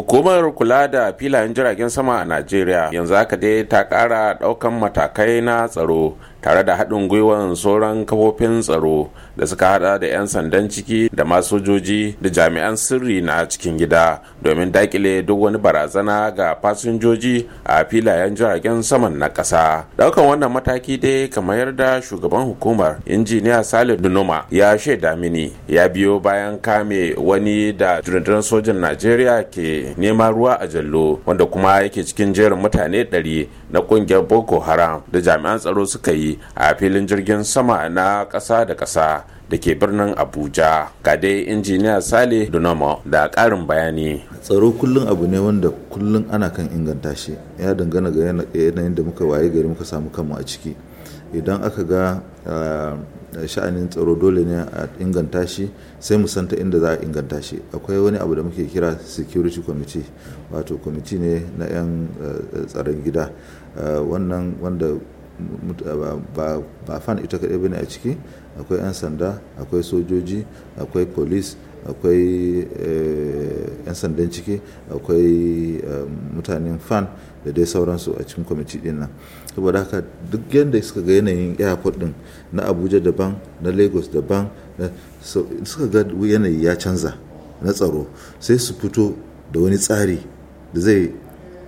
hukumar kula da filayen jiragen sama a najeriya yanzu haka dai ta kara daukan matakai na tsaro tare da haɗin gwiwar sauran kafofin tsaro da suka hada da 'yan sandan ciki da masu sojoji da jami'an sirri na cikin gida domin dakile duk wani barazana ga fasinjoji a filayen jiragen saman na ƙasa daukan wannan mataki dai kamar yarda shugaban hukumar injiniya Salim dunoma ya shaida mini ya biyo bayan kame wani da jirgin sojin najeriya ke neman ruwa a jallo wanda kuma yake cikin jerin mutane 100 na kungiyar boko haram da jami'an tsaro suka yi a filin jirgin sama na ƙasa da ƙasa da ke birnin abuja ga injiniya sale dunamo da ƙarin bayani tsaro kullum abu ne wanda kullum ana kan inganta shi ya dangana ga yanayin da muka waye gari muka samu kanmu a ciki idan aka ga ah, sha'anin tsaro dole ne a inganta shi sai mu santa inda za a inganta shi akwai wani abu da muke kira security committee wato committee ne na 'yan eh, tsaron gida ah, wannan wanda ba fan ita kaɗai bane a ciki akwai 'yan sanda akwai sojoji akwai police akwai 'yan eh, sandan ciki akwai eh, mutanen fan da dai sauransu a cikin kwamiti din nan saboda haka duk yadda suka ga yanayin airport din na abuja daban na lagos daban suka ga yanayi ya canza na tsaro sai su fito da wani tsari da zai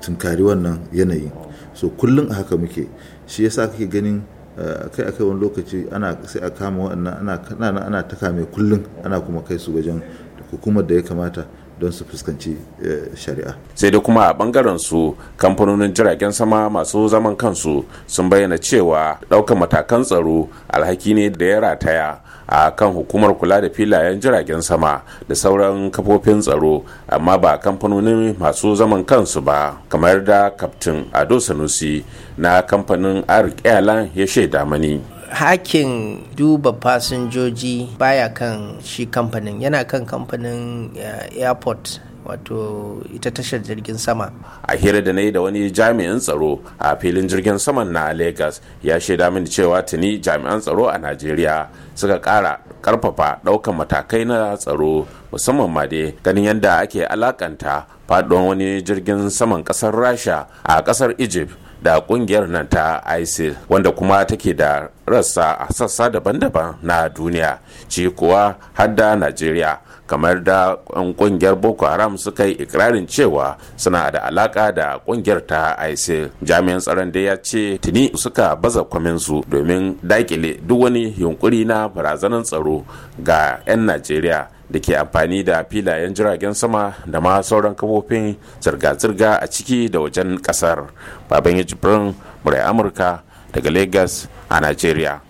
tunkari wannan yanayin. so kullum a haka muke shi yasa kake ganin eh, kai akai wani lokaci ana sai a kama wannan ana ana ta kame kullum ana kuma kai su wajen hukumar da ya kamata don su fuskanci eh, shari'a sai da kuma a bangaren su kamfanonin jiragen sama masu zaman kansu sun bayyana cewa ɗaukar matakan tsaro alhaki ne da ya rataya a kan hukumar kula da filayen jiragen sama da sauran kafofin tsaro amma ba kamfanonin masu zaman kansu ba kamar da kaftin ado sanusi na kamfanin arik airline ya shaida mani hakin duba fasinjoji baya kan shi kamfanin yana kan kamfanin eh, airport wato ita tashar jirgin sama a hira da na yi da wani jami'in tsaro a filin jirgin saman na lagos ya shaida mini cewa tuni jami'an tsaro a najeriya suka kara karfafa daukan matakai na tsaro musamman ma dai ganin yadda ake alakanta faduwan wani jirgin saman kasar rasha a kasar egypt da kungiyar nan ta isil wanda kuma take da rassa a sassa daban-daban na duniya ci kuwa da najeriya kamar da kungiyar boko haram suka yi ikirarin cewa suna da alaka da kungiyar ta isil jami'an tsaron da ya ce tuni suka baza kwaminsu domin dakile duk wani yunkuri na barazanar tsaro ga 'yan najeriya da ke amfani da filayen jiragen sama da ma sauran kafofin zirga-zirga a ciki da wajen kasar baban ya jibrin murai amurka daga lagos a nigeria